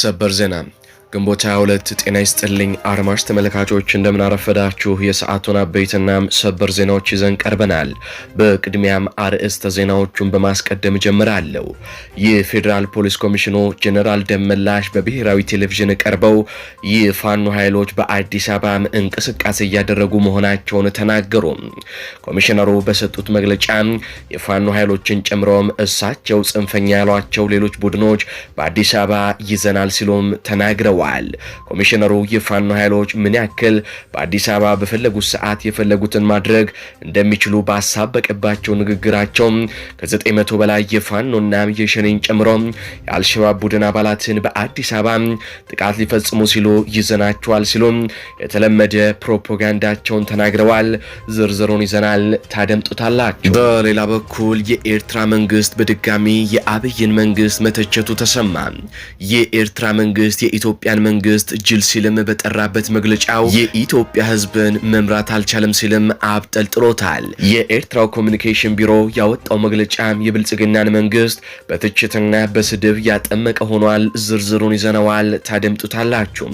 Sabrzena. ግንቦት 22 ጤና ይስጥልኝ አርማሽ ተመልካቾች፣ እንደምናረፈዳችሁ የሰዓቱን አበይትና ሰበር ዜናዎች ይዘን ቀርበናል። በቅድሚያም አርዕስተ ዜናዎቹን በማስቀደም እጀምራለሁ። የፌዴራል ፖሊስ ኮሚሽኑ ጀኔራል ደመላሽ በብሔራዊ ቴሌቪዥን ቀርበው የፋኖ ኃይሎች በአዲስ አበባ እንቅስቃሴ እያደረጉ መሆናቸውን ተናገሩ። ኮሚሽነሩ በሰጡት መግለጫ የፋኖ ኃይሎችን ጨምረውም እሳቸው ጽንፈኛ ያሏቸው ሌሎች ቡድኖች በአዲስ አበባ ይዘናል ሲሉም ተናግረዋል። ብለዋል። ኮሚሽነሩ የፋኖ ኃይሎች ምን ያክል በአዲስ አበባ በፈለጉት ሰዓት የፈለጉትን ማድረግ እንደሚችሉ ባሳበቀባቸው ንግግራቸው ከ900 በላይ የፋኖና የሸኔን ጨምሮ የአልሸባብ ቡድን አባላትን በአዲስ አበባ ጥቃት ሊፈጽሙ ሲሉ ይዘናቸዋል ሲሉ የተለመደ ፕሮፓጋንዳቸውን ተናግረዋል። ዝርዝሩን ይዘናል ታደምጡታላችሁ። በሌላ በኩል የኤርትራ መንግስት በድጋሚ የአብይን መንግስት መተቸቱ ተሰማ። የኤርትራ መንግስት የኢትዮጵያ የኢትዮጵያን መንግስት ጅል ሲልም በጠራበት መግለጫው የኢትዮጵያ ህዝብን መምራት አልቻለም ሲልም አብጠልጥሎታል። የኤርትራው ኮሚኒኬሽን ቢሮ ያወጣው መግለጫ የብልጽግናን መንግስት በትችትና በስድብ ያጠመቀ ሆኗል። ዝርዝሩን ይዘነዋል፣ ታደምጡታላችሁ።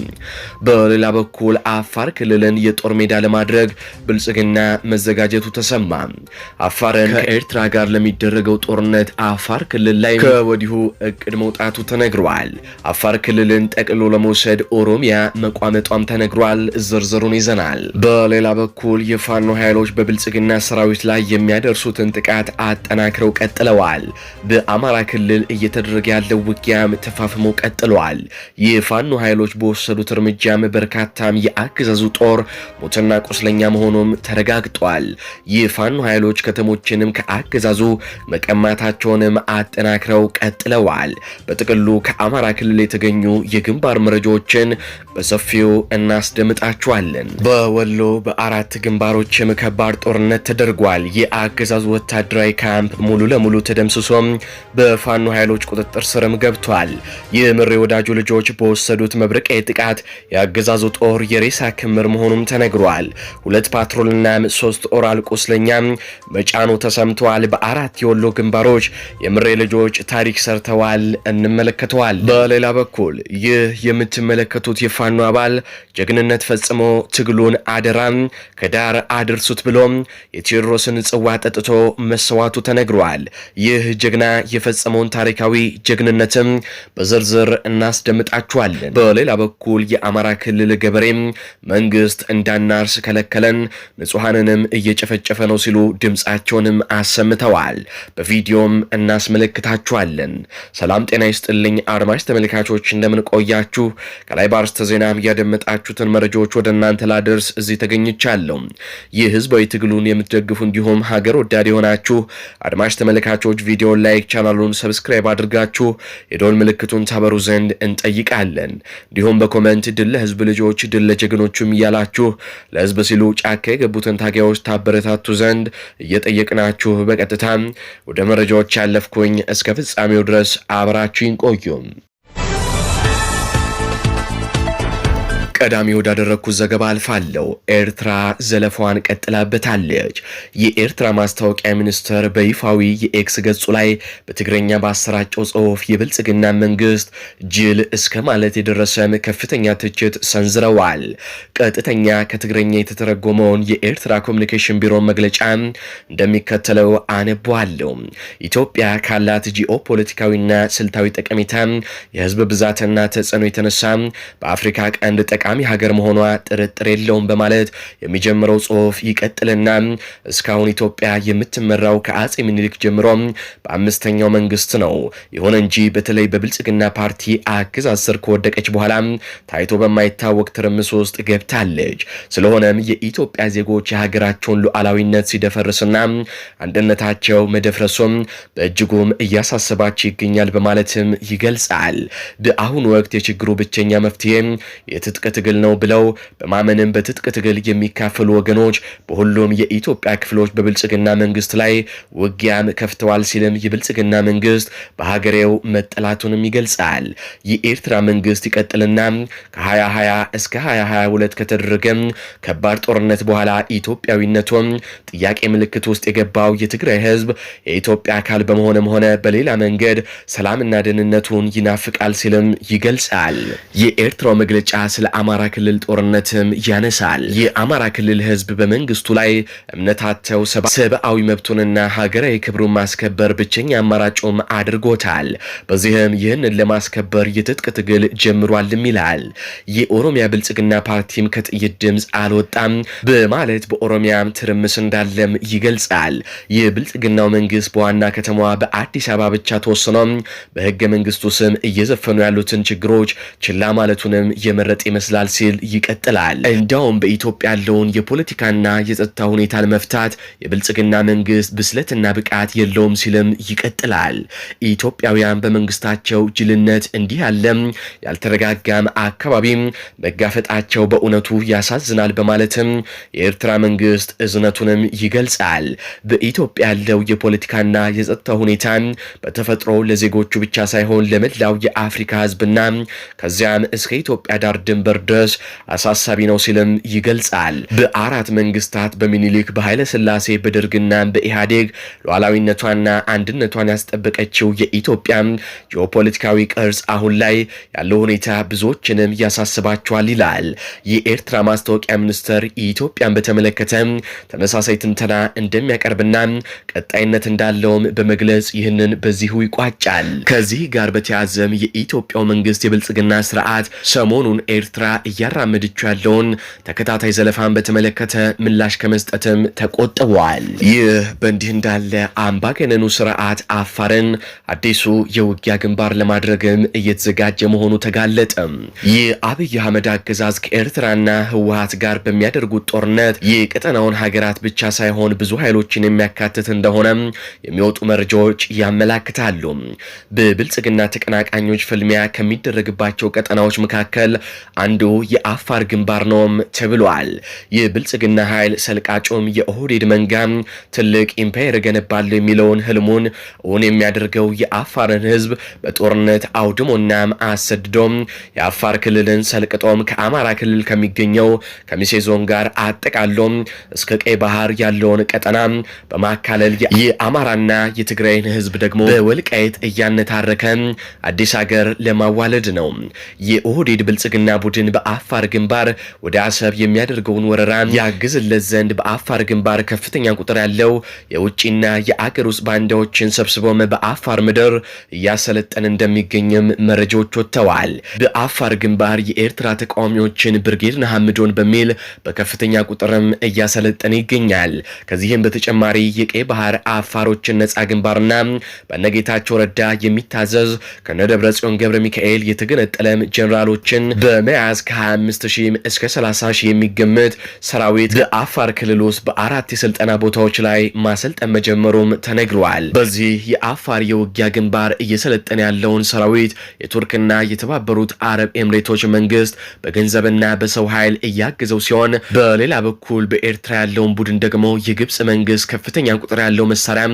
በሌላ በኩል አፋር ክልልን የጦር ሜዳ ለማድረግ ብልጽግና መዘጋጀቱ ተሰማ። አፋርን ከኤርትራ ጋር ለሚደረገው ጦርነት አፋር ክልል ላይ ከወዲሁ እቅድ መውጣቱ ተነግሯል። አፋር ክልልን ጠቅሎ ለመ በመውሰድ ኦሮሚያ መቋመጧም ተነግሯል። ዝርዝሩን ይዘናል። በሌላ በኩል የፋኖ ኃይሎች በብልጽግና ሰራዊት ላይ የሚያደርሱትን ጥቃት አጠናክረው ቀጥለዋል። በአማራ ክልል እየተደረገ ያለው ውጊያም ተፋፍሞ ቀጥለዋል። የፋኖ ኃይሎች በወሰዱት እርምጃም በርካታም የአገዛዙ ጦር ሞትና ቁስለኛ መሆኑም ተረጋግጧል። የፋኖ ኃይሎች ከተሞችንም ከአገዛዙ መቀማታቸውንም አጠናክረው ቀጥለዋል። በጥቅሉ ከአማራ ክልል የተገኙ የግንባር ምር መረጃዎችን በሰፊው እናስደምጣችኋለን። በወሎ በአራት ግንባሮችም ከባድ ጦርነት ተደርጓል። የአገዛዙ ወታደራዊ ካምፕ ሙሉ ለሙሉ ተደምስሶም በፋኖ ኃይሎች ቁጥጥር ስርም ገብቷል። የምሬ ወዳጁ ልጆች በወሰዱት መብረቂያ ጥቃት የአገዛዙ ጦር የሬሳ ክምር መሆኑም ተነግሯል። ሁለት ፓትሮልና ሶስት ጦር አልቆስለኛም መጫኑ ተሰምተዋል። በአራት የወሎ ግንባሮች የምሬ ልጆች ታሪክ ሰርተዋል፣ እንመለከተዋል። በሌላ በኩል ይህ የምትመለከቱት የፋኖ አባል ጀግንነት ፈጽሞ ትግሉን አደራም ከዳር አድርሱት ብሎም የቴዎድሮስን ጽዋ ጠጥቶ መሰዋቱ ተነግሯል። ይህ ጀግና የፈጸመውን ታሪካዊ ጀግንነትም በዝርዝር እናስደምጣችኋለን። በሌላ በኩል የአማራ ክልል ገበሬም መንግስት እንዳናርስ ከለከለን፣ ንጹሐንንም እየጨፈጨፈ ነው ሲሉ ድምፃቸውንም አሰምተዋል። በቪዲዮም እናስመለክታችኋለን። ሰላም ጤና ይስጥልኝ አድማጭ ተመልካቾች እንደምን ቆያችሁ? ከላይ በአርስተ ዜና ያደመጣችሁትን መረጃዎች ወደ እናንተ ላደርስ እዚህ ተገኝቻለሁ። ይህ ህዝባዊ ትግሉን የምትደግፉ እንዲሁም ሀገር ወዳድ የሆናችሁ አድማጭ ተመልካቾች ቪዲዮ ላይክ፣ ቻናሉን ሰብስክራይብ አድርጋችሁ የዶል ምልክቱን ታበሩ ዘንድ እንጠይቃለን። እንዲሁም በኮመንት ድል ለህዝብ ልጆች፣ ድል ለጀግኖቹም እያላችሁ ለህዝብ ሲሉ ጫካ የገቡትን ታጋዮች ታበረታቱ ዘንድ እየጠየቅናችሁ በቀጥታ ወደ መረጃዎች ያለፍኩኝ እስከ ፍጻሜው ድረስ አብራችሁ ቆዩ። ቀዳሚ ወዳደረግኩት ዘገባ አልፋለሁ። ኤርትራ ዘለፋዋን ቀጥላበታለች። የኤርትራ ማስታወቂያ ሚኒስትር በይፋዊ የኤክስ ገጹ ላይ በትግረኛ ባሰራጨው ጽሑፍ የብልጽግና መንግስት ጅል እስከ ማለት የደረሰም ከፍተኛ ትችት ሰንዝረዋል። ቀጥተኛ ከትግረኛ የተተረጎመውን የኤርትራ ኮሚኒኬሽን ቢሮ መግለጫ እንደሚከተለው አነቧለሁ። ኢትዮጵያ ካላት ጂኦፖለቲካዊና ስልታዊ ጠቀሜታ፣ የህዝብ ብዛትና ተጽዕኖ የተነሳ በአፍሪካ ቀንድ ጠቃ ጠቃሚ ሀገር መሆኗ ጥርጥር የለውም በማለት የሚጀምረው ጽሁፍ ይቀጥልና እስካሁን ኢትዮጵያ የምትመራው ከአጼ ምኒልክ ጀምሮ በአምስተኛው መንግስት ነው። ይሁን እንጂ በተለይ በብልጽግና ፓርቲ አገዛዝ ስር ከወደቀች በኋላ ታይቶ በማይታወቅ ትርምስ ውስጥ ገብታለች። ስለሆነም የኢትዮጵያ ዜጎች የሀገራቸውን ሉዓላዊነት ሲደፈርስና አንድነታቸው መደፍረሱም በእጅጉም እያሳሰባቸው ይገኛል በማለትም ይገልጻል። በአሁኑ ወቅት የችግሩ ብቸኛ መፍትሄ የትጥቅ ትግል ነው ብለው በማመንም በትጥቅ ትግል የሚካፈሉ ወገኖች በሁሉም የኢትዮጵያ ክፍሎች በብልጽግና መንግስት ላይ ውጊያም ከፍተዋል ሲልም የብልጽግና መንግስት በሀገሬው መጠላቱንም ይገልጻል። የኤርትራ መንግስት ይቀጥልና ከ2020 እስከ 2022 ከተደረገም ከባድ ጦርነት በኋላ ኢትዮጵያዊነቱም ጥያቄ ምልክት ውስጥ የገባው የትግራይ ህዝብ የኢትዮጵያ አካል በመሆንም ሆነ በሌላ መንገድ ሰላምና ደህንነቱን ይናፍቃል ሲልም ይገልጻል። የኤርትራው መግለጫ ስለ የአማራ ክልል ጦርነትም ያነሳል። የአማራ ክልል ህዝብ በመንግስቱ ላይ እምነታቸው ሰብአዊ መብቱንና ሀገራዊ ክብሩን ማስከበር ብቸኛ አማራጩም አድርጎታል። በዚህም ይህንን ለማስከበር የትጥቅ ትግል ጀምሯልም ይላል። የኦሮሚያ ብልጽግና ፓርቲም ከጥይት ድምፅ አልወጣም በማለት በኦሮሚያም ትርምስ እንዳለም ይገልጻል። የብልጽግናው መንግስት በዋና ከተማዋ በአዲስ አበባ ብቻ ተወስኖም በህገ መንግስቱ ስም እየዘፈኑ ያሉትን ችግሮች ችላ ማለቱንም የመረጥ ይመስላል ይመስላል ሲል ይቀጥላል። እንዲያውም በኢትዮጵያ ያለውን የፖለቲካና የጸጥታ ሁኔታ ለመፍታት የብልጽግና መንግስት ብስለትና ብቃት የለውም ሲልም ይቀጥላል። ኢትዮጵያውያን በመንግስታቸው ጅልነት እንዲህ ያለም ያልተረጋጋም አካባቢም መጋፈጣቸው በእውነቱ ያሳዝናል በማለትም የኤርትራ መንግስት እዝነቱንም ይገልጻል። በኢትዮጵያ ያለው የፖለቲካና የጸጥታ ሁኔታ በተፈጥሮ ለዜጎቹ ብቻ ሳይሆን ለመላው የአፍሪካ ህዝብና ከዚያም እስከ ኢትዮጵያ ዳር ድንበር መወደስ አሳሳቢ ነው ሲልም ይገልጻል። በአራት መንግስታት በሚኒሊክ በኃይለ ስላሴ በደርግና በኢህአዴግ ሉዓላዊነቷና አንድነቷን ያስጠበቀችው የኢትዮጵያ ጂኦፖለቲካዊ ቅርጽ አሁን ላይ ያለው ሁኔታ ብዙዎችንም ያሳስባቸዋል ይላል። የኤርትራ ማስታወቂያ ሚኒስትር ኢትዮጵያን በተመለከተ ተመሳሳይ ትንተና እንደሚያቀርብና ቀጣይነት እንዳለውም በመግለጽ ይህንን በዚሁ ይቋጫል። ከዚህ ጋር በተያያዘም የኢትዮጵያው መንግስት የብልጽግና ስርዓት ሰሞኑን ኤርትራ እያራመደችው ያለውን ተከታታይ ዘለፋን በተመለከተ ምላሽ ከመስጠትም ተቆጥቧል። ይህ በእንዲህ እንዳለ አምባገነኑ ስርዓት አፋርን አዲሱ የውጊያ ግንባር ለማድረግም እየተዘጋጀ መሆኑ ተጋለጠ። ይህ አብይ አህመድ አገዛዝ ከኤርትራና ህወሀት ጋር በሚያደርጉት ጦርነት የቀጠናውን ሀገራት ብቻ ሳይሆን ብዙ ኃይሎችን የሚያካትት እንደሆነ የሚወጡ መረጃዎች ያመላክታሉ። በብልጽግና ተቀናቃኞች ፍልሚያ ከሚደረግባቸው ቀጠናዎች መካከል አንዱ የአፋር ግንባር ነውም ተብሏል። የብልጽግና ኃይል ሰልቃጩም የኦህዴድ መንጋም ትልቅ ኢምፓየር ገነባለሁ የሚለውን ህልሙን እውን የሚያደርገው የአፋርን ህዝብ በጦርነት አውድሞና አሰድዶም የአፋር ክልልን ሰልቅጦም ከአማራ ክልል ከሚገኘው ከሚሴ ዞን ጋር አጠቃሎም እስከ ቀይ ባህር ያለውን ቀጠና በማካለል የአማራና የትግራይን ህዝብ ደግሞ በወልቃየት እያነታረከ አዲስ ሀገር ለማዋለድ ነው። የኦህዴድ ብልጽግና ቡድን ኃይልን በአፋር ግንባር ወደ አሰብ የሚያደርገውን ወረራ ያግዝለት ዘንድ በአፋር ግንባር ከፍተኛ ቁጥር ያለው የውጭና የአገር ውስጥ ባንዳዎችን ሰብስቦም በአፋር ምድር እያሰለጠን እንደሚገኝም መረጃዎች ወጥተዋል። በአፋር ግንባር የኤርትራ ተቃዋሚዎችን ብርጌድ ነሐምዶን በሚል በከፍተኛ ቁጥርም እያሰለጠን ይገኛል። ከዚህም በተጨማሪ የቀይ ባህር አፋሮችን ነጻ ግንባርና በነጌታቸው ረዳ የሚታዘዝ ከነደብረ ጽዮን ገብረ ሚካኤል የተገነጠለም ጀኔራሎችን በመያዝ እስከ 25 ሺህ እስከ 30 ሺህ የሚገመት ሰራዊት በአፋር ክልል ውስጥ በአራት የስልጠና ቦታዎች ላይ ማሰልጠን መጀመሩም ተነግረዋል። በዚህ የአፋር የውጊያ ግንባር እየሰለጠነ ያለውን ሰራዊት የቱርክና የተባበሩት አረብ ኤምሬቶች መንግስት በገንዘብና በሰው ኃይል እያገዘው ሲሆን፣ በሌላ በኩል በኤርትራ ያለውን ቡድን ደግሞ የግብፅ መንግስት ከፍተኛ ቁጥር ያለው መሳሪያ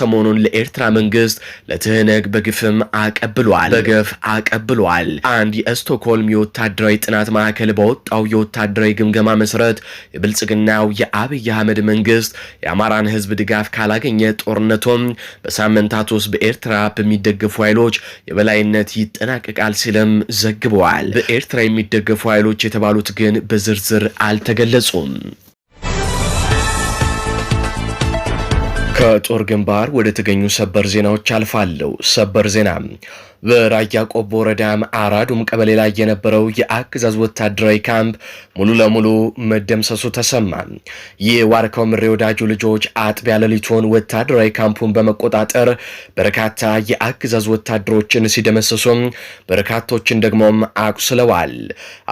ሰሞኑን ለኤርትራ መንግስት ለትህነግ በግፍም አቀብሏል በገፍ አቀብሏል። አንድ የስቶክሆልም የወታደራዊ ጥናት ማዕከል በወጣው የወታደራዊ ግምገማ መሰረት የብልጽግናው የአብይ አህመድ መንግስት የአማራን ህዝብ ድጋፍ ካላገኘ ጦርነቱም በሳምንታት ውስጥ በኤርትራ በሚደገፉ ኃይሎች የበላይነት ይጠናቀቃል ሲልም ዘግበዋል። በኤርትራ የሚደገፉ ኃይሎች የተባሉት ግን በዝርዝር አልተገለጹም። ከጦር ግንባር ወደ ተገኙ ሰበር ዜናዎች አልፋለሁ። ሰበር ዜና በራያ ቆቦ ወረዳም አራዱም ቀበሌ ላይ የነበረው የአገዛዝ ወታደራዊ ካምፕ ሙሉ ለሙሉ መደምሰሱ ተሰማ። የዋርካው ምሬ ወዳጁ ልጆች አጥቢያ ሌሊቱን ወታደራዊ ካምፑን በመቆጣጠር በርካታ የአገዛዝ ወታደሮችን ሲደመሰሱም በርካቶችን ደግሞም አቁስለዋል።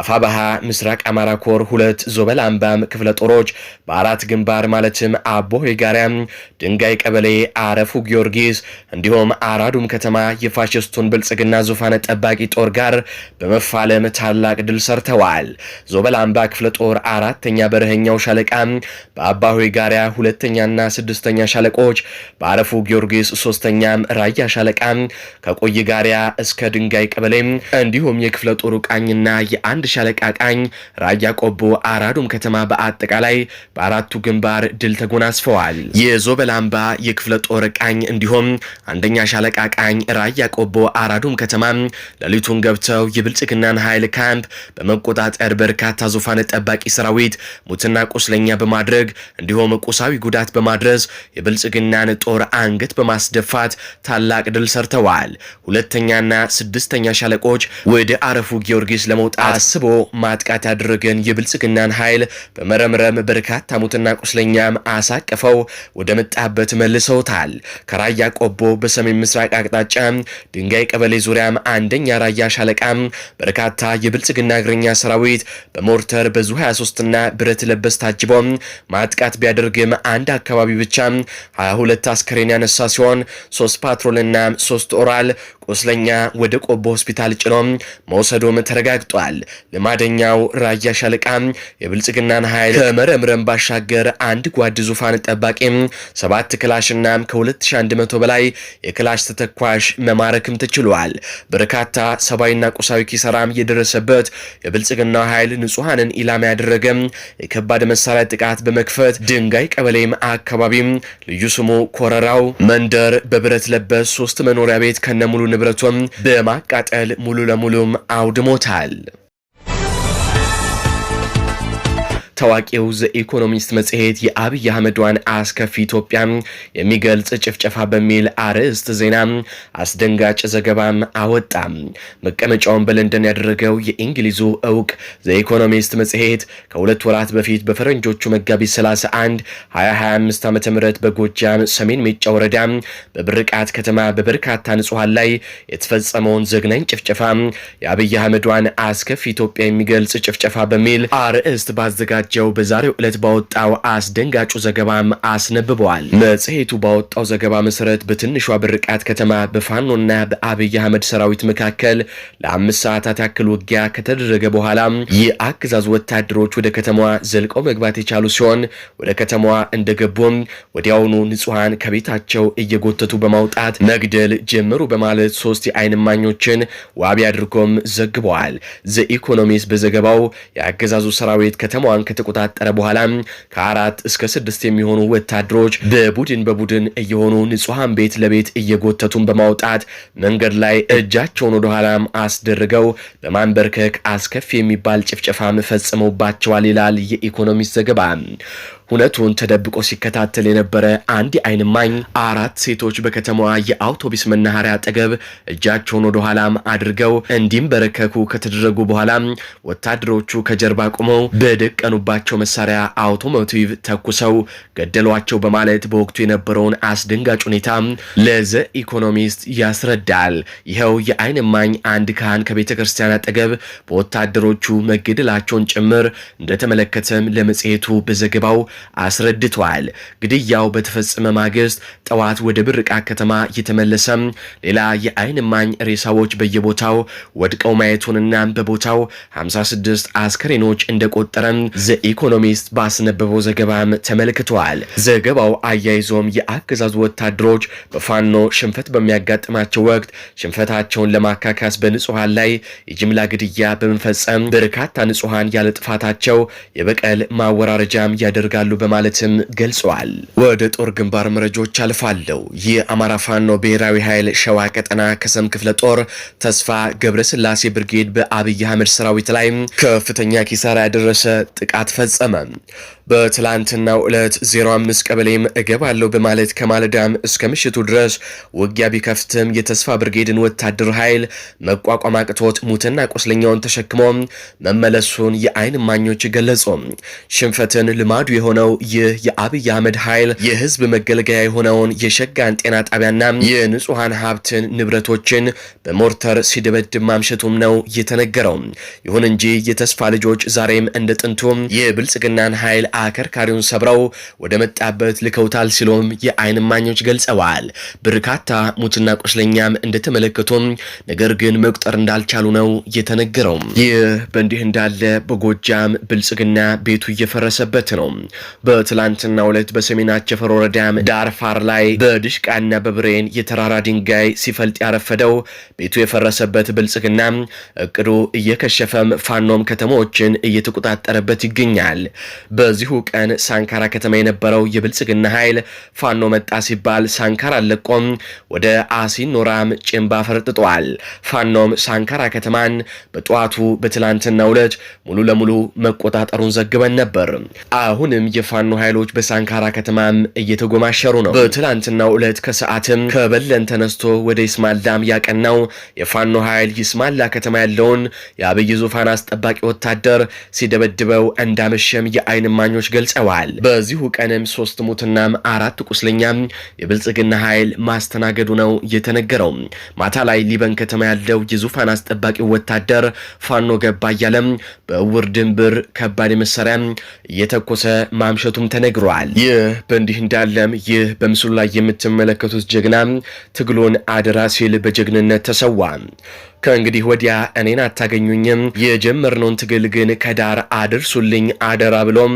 አፋባሃ ምስራቅ አማራ ኮር ሁለት ዞበል አምባም ክፍለ ጦሮች በአራት ግንባር ማለትም አቦ የጋሪያም ድንጋይ ቀበሌ፣ አረፉ ጊዮርጊስ እንዲሁም አራዱም ከተማ የፋሽስቱን ብልጽግና ዙፋን ጠባቂ ጦር ጋር በመፋለም ታላቅ ድል ሰርተዋል። ዞበል አምባ ክፍለ ጦር አራተኛ በረኸኛው ሻለቃ በአባሆይ ጋሪያ ሁለተኛና ስድስተኛ ሻለቆች በአረፉ ጊዮርጊስ ሶስተኛም ራያ ሻለቃ ከቆይ ጋሪያ እስከ ድንጋይ ቀበሌ እንዲሁም የክፍለ ጦሩ ቃኝና የአንድ ሻለቃ ቃኝ ራያ ቆቦ አራዱም ከተማ በአጠቃላይ በአራቱ ግንባር ድል ተጎናስፈዋል። የዞበል አምባ የክፍለ ጦር ቃኝ እንዲሁም አንደኛ ሻለቃ ቃኝ ራያ ቆቦ አራዱም ከተማ ሌሊቱን ገብተው የብልጽግናን ኃይል ካምፕ በመቆጣጠር በርካታ ዙፋን ጠባቂ ሰራዊት ሙትና ቁስለኛ በማድረግ እንዲሁም ቁሳዊ ጉዳት በማድረስ የብልጽግናን ጦር አንገት በማስደፋት ታላቅ ድል ሰርተዋል። ሁለተኛና ስድስተኛ ሻለቆች ወደ አረፉ ጊዮርጊስ ለመውጣት አስቦ ማጥቃት ያደረገን የብልጽግናን ኃይል በመረምረም በርካታ ሙትና ቁስለኛም አሳቅፈው ወደ መጣበት መልሰውታል። ከራያ ቆቦ በሰሜን ምስራቅ አቅጣጫ ድንጋይ ቀበሌ ዙሪያም አንደኛ ራያ ሻለቃ በርካታ የብልጽግና እግረኛ ሰራዊት በሞርተር በዙ 23ና ብረት ለበስ ታጅቦ ማጥቃት ቢያደርግም አንድ አካባቢ ብቻ 22 አስከሬን ያነሳ ሲሆን ሶስት ፓትሮልና ሶስት ኦራል ቁስለኛ ወደ ቆቦ ሆስፒታል ጭኖ መውሰዶም ተረጋግጧል። ልማደኛው ራያ ሻለቃ የብልጽግናን ኃይል ከመረምረም ባሻገር አንድ ጓድ ዙፋን ጠባቂ ሰባት ክላሽና ከ2100 በላይ የክላሽ ተተኳሽ መማረክም ተችሏል። በርካታ ሰብአዊና ቁሳዊ ኪሰራም የደረሰበት የብልጽግናው ኃይል ንጹሐንን ኢላማ ያደረገ የከባድ መሳሪያ ጥቃት በመክፈት ድንጋይ ቀበሌም አካባቢም ልዩ ስሙ ኮረራው መንደር በብረት ለበስ ሶስት መኖሪያ ቤት ከነሙሉ ንብረቱም በማቃጠል ሙሉ ለሙሉም አውድሞታል። ታዋቂው ዘ ኢኮኖሚስት መጽሔት የአብይ አህመድዋን አስከፊ ኢትዮጵያ የሚገልጽ ጭፍጨፋ በሚል አርዕስት ዜና አስደንጋጭ ዘገባም አወጣ። መቀመጫውን በለንደን ያደረገው የእንግሊዙ እውቅ ዘ ኢኮኖሚስት መጽሔት ከሁለት ወራት በፊት በፈረንጆቹ መጋቢት 31 2025 ዓ ም በጎጃም ሰሜን ሜጫ ወረዳ በብርቃት ከተማ በበርካታ ንጹሐን ላይ የተፈጸመውን ዘግናኝ ጭፍጨፋ የአብይ አህመድዋን አስከፊ ኢትዮጵያ የሚገልጽ ጭፍጨፋ በሚል አርዕስት ባዘጋጀ መሆናቸው በዛሬው ዕለት ባወጣው አስደንጋጩ ዘገባም አስነብበዋል። መጽሔቱ ባወጣው ዘገባ መሰረት በትንሿ ብርቃት ከተማ በፋኖና በአብይ አህመድ ሰራዊት መካከል ለአምስት ሰዓታት ያክል ውጊያ ከተደረገ በኋላ የአገዛዙ ወታደሮች ወደ ከተማዋ ዘልቀው መግባት የቻሉ ሲሆን ወደ ከተማዋ እንደገቡም ወዲያውኑ ንጹሐን ከቤታቸው እየጎተቱ በማውጣት መግደል ጀመሩ በማለት ሶስት የአይን ማኞችን ዋቢ አድርጎም ዘግበዋል። ዘኢኮኖሚስት በዘገባው የአገዛዙ ሰራዊት ከተማዋን ከተቆጣጠረ በኋላ ከአራት እስከ ስድስት የሚሆኑ ወታደሮች በቡድን በቡድን እየሆኑ ንጹሐን ቤት ለቤት እየጎተቱን በማውጣት መንገድ ላይ እጃቸውን ወደ አስደርገው በማንበርከክ አስከፊ የሚባል ጭፍጨፋም ፈጽመውባቸዋል ይላል የኢኮኖሚስት ዘገባ። ሁነቱን ተደብቆ ሲከታተል የነበረ አንድ የአይን ማኝ አራት ሴቶች በከተማዋ የአውቶቢስ መናኸሪያ አጠገብ እጃቸውን ወደ ኋላም አድርገው እንዲንበረከኩ ከተደረጉ በኋላ ወታደሮቹ ከጀርባ ቆመው በደቀኑባቸው መሳሪያ አውቶሞቲቭ ተኩሰው ገደሏቸው በማለት በወቅቱ የነበረውን አስደንጋጭ ሁኔታ ለዘ ኢኮኖሚስት ያስረዳል። ይኸው የአይን ማኝ አንድ ካህን ከቤተ ክርስቲያን አጠገብ በወታደሮቹ መገደላቸውን ጭምር እንደተመለከተም ለመጽሔቱ በዘገባው አስረድተዋል። ግድያው በተፈጸመ ማግስት ጠዋት ወደ ብርቃ ከተማ እየተመለሰም። ሌላ የአይን ማኝ ሬሳዎች በየቦታው ወድቀው ማየቱንና በቦታው 56 አስከሬኖች እንደቆጠረም ዘኢኮኖሚስት ባስነበበው ዘገባም ተመልክተዋል። ዘገባው አያይዞም የአገዛዙ ወታደሮች በፋኖ ሽንፈት በሚያጋጥማቸው ወቅት ሽንፈታቸውን ለማካካስ በንጹሐን ላይ የጅምላ ግድያ በመፈጸም በርካታ ንጹሐን ያለ ጥፋታቸው የበቀል ማወራረጃም ያደርጋል ይችላሉ በማለትም ገልጸዋል። ወደ ጦር ግንባር መረጃዎች አልፋለሁ። የአማራ ፋኖ ብሔራዊ ኃይል ሸዋ ቀጠና ከሰም ክፍለ ጦር ተስፋ ገብረስላሴ ብርጌድ በአብይ አህመድ ሰራዊት ላይ ከፍተኛ ኪሳራ ያደረሰ ጥቃት ፈጸመ። በትላንትናው ዕለት 05 ቀበሌም እገባለሁ በማለት ከማለዳም እስከ ምሽቱ ድረስ ውጊያ ቢከፍትም የተስፋ ብርጌድን ወታደር ኃይል መቋቋም አቅቶት ሙትና ቁስለኛውን ተሸክሞ መመለሱን የአይን ማኞች ገለጹ። ሽንፈትን ልማዱ የሆነ የሆነው ይህ የአብይ አህመድ ኃይል የህዝብ መገልገያ የሆነውን የሸጋን ጤና ጣቢያና የንጹሐን ሀብትን ንብረቶችን በሞርተር ሲደበድብ ማምሸቱም ነው የተነገረው። ይሁን እንጂ የተስፋ ልጆች ዛሬም እንደ ጥንቱም የብልጽግናን ኃይል አከርካሪውን ሰብረው ወደ መጣበት ልከውታል ሲሉም የአይን ማኞች ገልጸዋል። በርካታ ሙትና ቁስለኛም እንደተመለከቱም ነገር ግን መቁጠር እንዳልቻሉ ነው የተነገረው። ይህ በእንዲህ እንዳለ በጎጃም ብልጽግና ቤቱ እየፈረሰበት ነው። በትላንትና ሁለት በሰሜን አቸፈር ወረዳ ዳርፋር ላይ በድሽቃና በብሬን የተራራ ድንጋይ ሲፈልጥ ያረፈደው ቤቱ የፈረሰበት ብልጽግና እቅዱ እየከሸፈም ፋኖም ከተሞችን እየተቆጣጠረበት ይገኛል። በዚሁ ቀን ሳንካራ ከተማ የነበረው የብልጽግና ኃይል ፋኖ መጣ ሲባል ሳንካራ አለቆም ወደ አሲኖራም ጭንባ ፈርጥጧል። ፋኖም ሳንካራ ከተማን በጠዋቱ በትላንትና ሁለት ሙሉ ለሙሉ መቆጣጠሩን ዘግበን ነበር። አሁንም የፋኖ ኃይሎች በሳንካራ ከተማም እየተጎማሸሩ ነው። በትላንትናው ዕለት ከሰዓትም ከበለን ተነስቶ ወደ ይስማላም ያቀናው የፋኖ ኃይል ይስማላ ከተማ ያለውን የአብይ ዙፋን አስጠባቂ ወታደር ሲደበድበው እንዳመሸም የአይን ማኞች ገልጸዋል። በዚሁ ቀንም ሶስት ሙትናም አራት ቁስለኛም የብልጽግና ኃይል ማስተናገዱ ነው የተነገረው። ማታ ላይ ሊበን ከተማ ያለው የዙፋን አስጠባቂ ወታደር ፋኖ ገባ እያለም በእውር ድንብር ከባድ መሳሪያ እየተኮሰ ማምሸቱም ተነግሯል። ይህ በእንዲህ እንዳለም ይህ በምስሉ ላይ የምትመለከቱት ጀግና ትግሉን አደራ ሲል በጀግንነት ተሰዋ። ከእንግዲህ ወዲያ እኔን አታገኙኝም፣ የጀመርነውን ትግል ግን ከዳር አድርሱልኝ አደራ ብሎም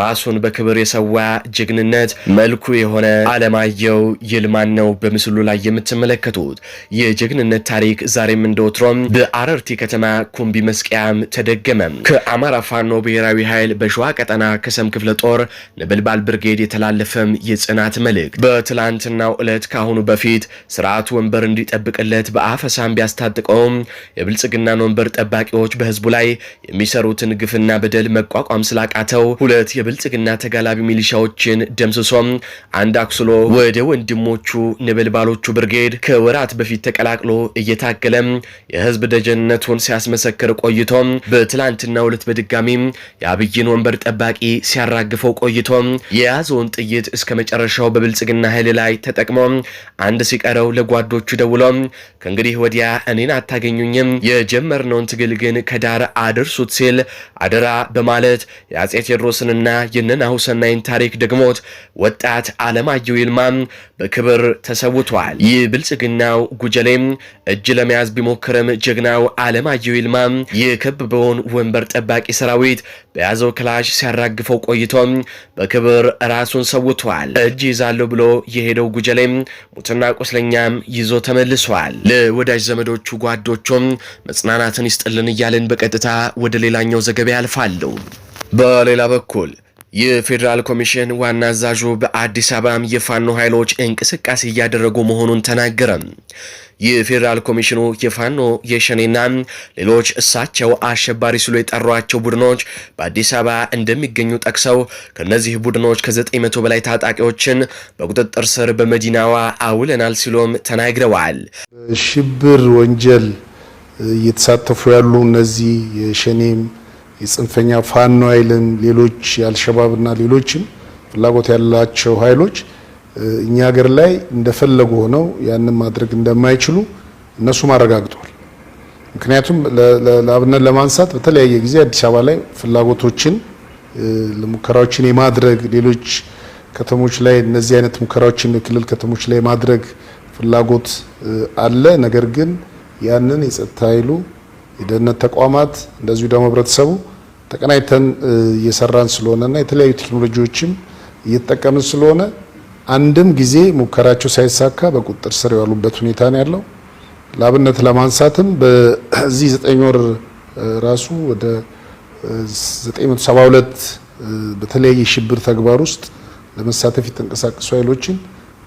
ራሱን በክብር የሰዋ ጀግንነት መልኩ የሆነ አለማየሁ ይልማን ነው በምስሉ ላይ የምትመለከቱት። የጀግንነት ታሪክ ዛሬም እንደወትሮም በአረርቲ ከተማ ኩምቢ መስቀያም ተደገመ። ከአማራ ፋኖ ብሔራዊ ኃይል በሸዋ ቀጠና ከሰም ክፍለ ጦር ነበልባል ብርጌድ የተላለፈም የጽናት መልእክት በትላንትናው ዕለት ከአሁኑ በፊት ስርዓቱ ወንበር እንዲጠብቅለት በአፈሳም ቢያስታጥቀው አክለውም የብልጽግና ወንበር ጠባቂዎች በህዝቡ ላይ የሚሰሩትን ግፍና በደል መቋቋም ስላቃተው ሁለት የብልጽግና ተጋላቢ ሚሊሻዎችን ደምስሶም አንድ አኩስሎ ወደ ወንድሞቹ ነበልባሎቹ ብርጌድ ከወራት በፊት ተቀላቅሎ እየታገለም የህዝብ ደጀንነቱን ሲያስመሰክር ቆይቶም በትላንትና ሁለት በድጋሚም የአብይን ወንበር ጠባቂ ሲያራግፈው ቆይቶም የያዘውን ጥይት እስከ መጨረሻው በብልጽግና ኃይል ላይ ተጠቅሞ አንድ ሲቀረው ለጓዶቹ ደውሎም ከእንግዲህ ወዲያ እኔን አታ አታገኙኝም፣ የጀመርነውን ትግል ግን ከዳር አድርሱት ሲል አደራ በማለት የአጼ ቴዎድሮስንና የነናሁ ሰናይን ታሪክ ደግሞት ወጣት አለማየሁ ይልማም በክብር ተሰውቷል። ይህ ብልጽግናው ጉጀሌም እጅ ለመያዝ ቢሞክርም ጀግናው አለማየሁ ይልማም የከበበውን ወንበር ጠባቂ ሰራዊት በያዘው ክላሽ ሲያራግፈው ቆይቶም በክብር ራሱን ሰውቷል። እጅ ይዛለሁ ብሎ የሄደው ጉጀሌም ሙትና ቁስለኛም ይዞ ተመልሷል። ለወዳጅ ዘመዶቹ ጓደ ውዶቹም መጽናናትን ይስጥልን እያልን በቀጥታ ወደ ሌላኛው ዘገባ ያልፋለሁ። በሌላ በኩል የፌዴራል ኮሚሽን ዋና አዛዡ በአዲስ አበባም የፋኖ ኃይሎች እንቅስቃሴ እያደረጉ መሆኑን ተናገረ። የፌዴራል ኮሚሽኑ የፋኖ የሸኔና ሌሎች እሳቸው አሸባሪ ሲሉ የጠሯቸው ቡድኖች በአዲስ አበባ እንደሚገኙ ጠቅሰው ከነዚህ ቡድኖች ከ900 በላይ ታጣቂዎችን በቁጥጥር ስር በመዲናዋ አውለናል ሲሉም ተናግረዋል። ሽብር ወንጀል እየተሳተፉ ያሉ እነዚህ የሸኔም የጽንፈኛ ፋኖ ኃይልም ሌሎች የአልሸባብና ሌሎችም ፍላጎት ያላቸው ኃይሎች እኛ ሀገር ላይ እንደፈለጉ ሆነው ያንን ማድረግ እንደማይችሉ እነሱም አረጋግጠዋል። ምክንያቱም ለአብነት ለማንሳት በተለያየ ጊዜ አዲስ አበባ ላይ ፍላጎቶችን ሙከራዎችን የማድረግ ሌሎች ከተሞች ላይ እነዚህ አይነት ሙከራዎችን ክልል ከተሞች ላይ ማድረግ ፍላጎት አለ። ነገር ግን ያንን የጸጥታ ኃይሉ፣ የደህንነት ተቋማት እንደዚሁ ደግሞ ህብረተሰቡ ተቀናይተን እየሰራን ስለሆነና የተለያዩ ቴክኖሎጂዎችም እየተጠቀምን ስለሆነ አንድም ጊዜ ሙከራቸው ሳይሳካ በቁጥጥር ስር የዋሉበት ሁኔታ ነው ያለው። ለአብነት ለማንሳትም በዚህ ዘጠኝ ወር ራሱ ወደ 972 በተለያየ ሽብር ተግባር ውስጥ ለመሳተፍ የተንቀሳቀሱ ኃይሎችን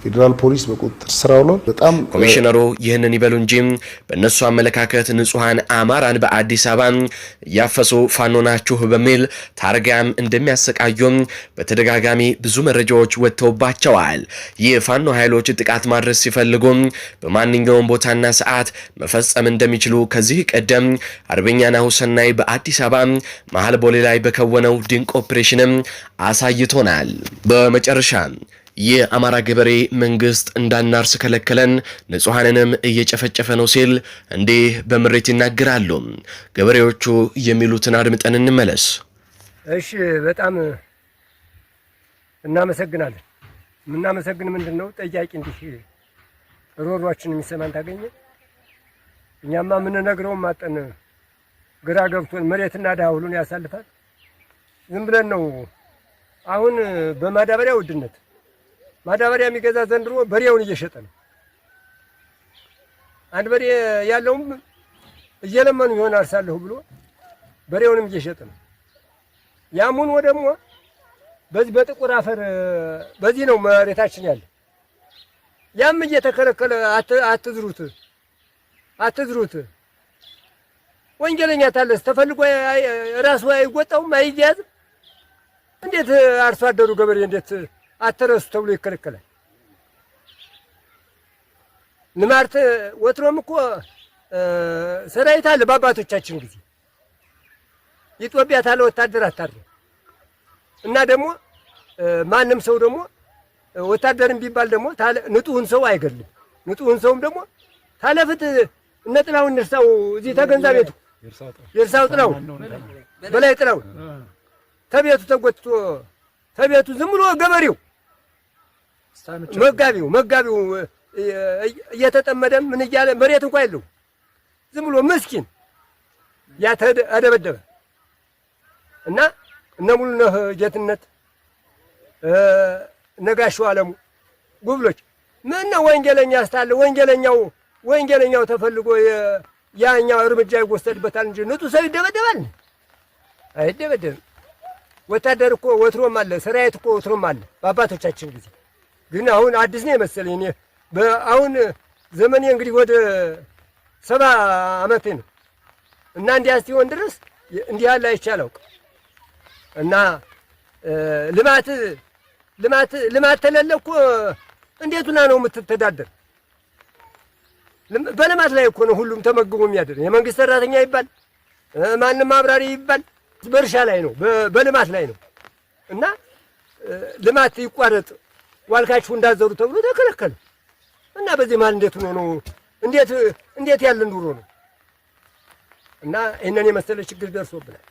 ፌዴራል ፖሊስ በቁጥጥር ስር አውሏል። በጣም ኮሚሽነሩ ይህንን ይበሉ እንጂ በእነሱ አመለካከት ንጹሐን አማራን በአዲስ አበባ እያፈሱ ፋኖ ናችሁ በሚል ታርጋም እንደሚያሰቃዩም በተደጋጋሚ ብዙ መረጃዎች ወጥተውባቸዋል። ይህ ፋኖ ኃይሎች ጥቃት ማድረስ ሲፈልጉ በማንኛውም ቦታና ሰዓት መፈጸም እንደሚችሉ ከዚህ ቀደም አርበኛ ናሁሰናይ በአዲስ አበባ መሀል ቦሌ ላይ በከወነው ድንቅ ኦፕሬሽንም አሳይቶናል። በመጨረሻ የአማራ ገበሬ መንግስት እንዳናርስ ከለከለን፣ ንጹሐንንም እየጨፈጨፈ ነው ሲል እንዲህ በምሬት ይናገራሉ። ገበሬዎቹ የሚሉትን አድምጠን እንመለስ። እሺ፣ በጣም እናመሰግናለን። የምናመሰግን ምንድን ነው ጠያቂ እንዲህ ሮሯችን የሚሰማን ታገኘ። እኛማ የምንነግረውም ማጠን ግራ ገብቶን መሬትና ድሃ ሁሉን ያሳልፋል ዝም ብለን ነው። አሁን በማዳበሪያ ውድነት ማዳበሪያ የሚገዛ ዘንድሮ በሬውን እየሸጠ ነው። አንድ በሬ ያለውም እየለመኑ ይሆን አርሳለሁ ብሎ በሬውንም እየሸጠ ነው። ያሙን ደግሞ በዚህ በጥቁር አፈር በዚህ ነው መሬታችን ያለ። ያም እየተከለከለ አትዝሩት አትዝሩት ወንጀለኛ ታለስ ተፈልጎ ራሱ አይወጣውም አይያዝም። እንዴት አርሶ አደሩ ገበሬ እንዴት አትረሱ ተብሎ ይከለከላል። ንማርት ወትሮም እኮ ሰራዊት አለ። በአባቶቻችን ጊዜ ኢትዮጵያ ታለ ወታደር አታር እና ደግሞ ማንም ሰው ደግሞ ወታደርም ቢባል ደግሞ ንጡህን ሰው አይገድልም። ንጡህን ሰውም ደግሞ ታለፍት እነ ጥላሁን እርሳው እዚህ ተገንዛ ቤቱ የእርሳው ጥላሁን በላይ ጥላሁን ተቤቱ ተጎትቶ ተቤቱ ዝም ብሎ ገበሬው መጋቢው መጋቢው እየተጠመደ ምን እያለ መሬት እንኳ የለው ዝም ብሎ ምስኪን ያተደበደበ እና እነ ሙሉነህ ጌትነት ነጋሽው አለሙ ጉብሎች ምን ነው ወንጀለኛ ስታለ ወንጀለኛው ወንጀለኛው ተፈልጎ ያኛው እርምጃ ይወሰድበታል እንጂ ንጹህ ሰው ይደበደባል አይደበደብም። ወታደር እኮ ወትሮም አለ፣ ሰራዊት እኮ ወትሮም አለ በአባቶቻችን ጊዜ ግን አሁን አዲስ ነው የመሰለኝ እኔ በአሁን ዘመኔ እንግዲህ ወደ ሰባ አመቴ ነው እና እንዲያ ሲሆን ድረስ እንዲህ ያለ አይቻለው እና ልማት ልማት ልማት ተለለ እኮ እንዴት ሆና ነው የምትተዳደር? በልማት ላይ እኮ ነው ሁሉም ተመግቦ የሚያደር። የመንግስት ሰራተኛ ይባል ማንም አብራሪ ይባል በእርሻ ላይ ነው፣ በልማት ላይ ነው እና ልማት ይቋረጥ ዋልካችሁ እንዳዘሩ ተብሎ ተከለከለ እና በዚህ መሀል እንዴት ሆኖ ነው እንዴት እንዴት ያለን ዱሮ ነው እና ይህንን የመሰለ ችግር ደርሶብናል።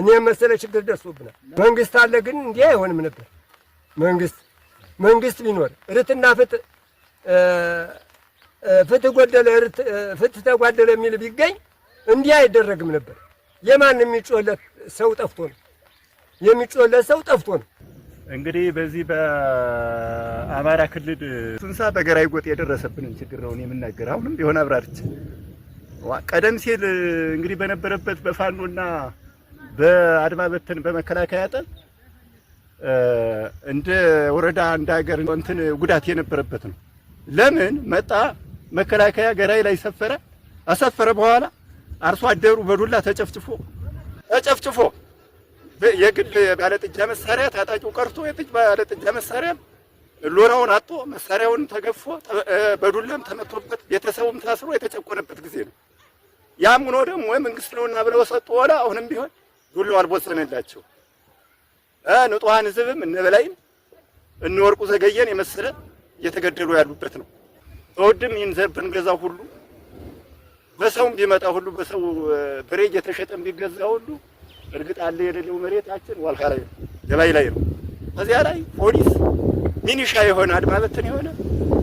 እኔ መሰለ ችግር ደርሶብናል። መንግስት አለ ግን እንዲህ አይሆንም ነበር። መንግስት መንግስት ቢኖር ርትና ፍትህ ፍትህ ጎደለ ፍትህ ተጓደለ የሚል ቢገኝ እንዲህ አይደረግም ነበር። የማን የሚጮለት ሰው ጠፍቶ ነው። የሚጮለት ሰው ጠፍቶ ነው። እንግዲህ በዚህ በአማራ ክልል ስንሳ በገራይ ጎጥ የደረሰብንን ችግር ነው የምናገር። አሁንም ቢሆን አብራርች ቀደም ሲል እንግዲህ በነበረበት በፋኖና በአድማ በተን በመከላከያ ጠል እንደ ወረዳ እንደ ሀገር እንትን ጉዳት የነበረበት ነው። ለምን መጣ? መከላከያ ገራይ ላይ ሰፈረ። አሰፈረ በኋላ አርሶ አደሩ በዱላ ተጨፍጭፎ ተጨፍጭፎ የግድ ባለጥጃ መሳሪያ ታጣቂው ቀርቶ የጥጅ ባለጥጃ መሳሪያ ሎራውን አጥቶ መሳሪያውን ተገፎ በዱላም ተመቶበት ቤተሰቡም ታስሮ የተጨቆነበት ጊዜ ነው። ያም ሆኖ ደግሞ ወይ መንግስት ነውና ብለው ሰጡ። ወላ አሁንም ቢሆን ዱላው አልቦሰነላቸው ንጡሃን ህዝብም እነበላይም እንወርቁ ዘገየን የመሰለ እየተገደሉ ያሉበት ነው። በውድም ይህን ዘር ብንገዛ ሁሉ በሰውም ቢመጣ ሁሉ በሰው ብሬ እየተሸጠም ቢገዛ ሁሉ እርግጥ አለ የሌለው መሬታችን ዋልካ ላይ የላይ ላይ ነው። እዚያ ላይ ፖሊስ ሚኒሻ የሆነ አድማ በትን የሆነ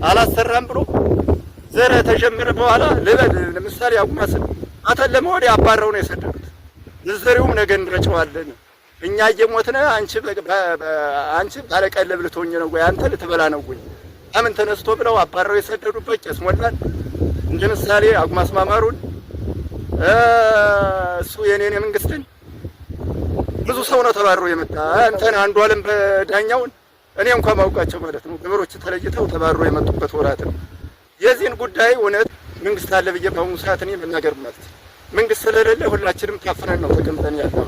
አላሰራም ብሎ ዘረ ተጀመረ በኋላ ልበል ለምሳሌ አጉማስን አተለመ ወዲያ አባረው ነው የሰደዱት። ንዘሪውም ነገ እንረጨዋለን እኛ እየሞትነ አንቺ አንቺ ባለቀለብ ልትሆኝ ነው ወይ አንተ ልትበላ ነው ወይ አምን ተነስቶ ብለው አባረው የሰደዱበት ቄስ ሞላን እንደ ምሳሌ አጉማስ ማማሩን እሱ የኔን የመንግስትን ብዙ ሰው ነው ተባሮ የመጣ አንተን አንዱ አለም በዳኛውን እኔ እንኳን ማውቃቸው ማለት ነው ግብሮች ተለይተው ተባሮ የመጡበት ወራት ነው። የዚህን ጉዳይ እውነት መንግስት አለ ብዬ በአሁኑ ሰዓት እኔ መናገር ማለት መንግስት ስለሌለ ሁላችንም ታፍነን ነው ተቀምጠን ያለው።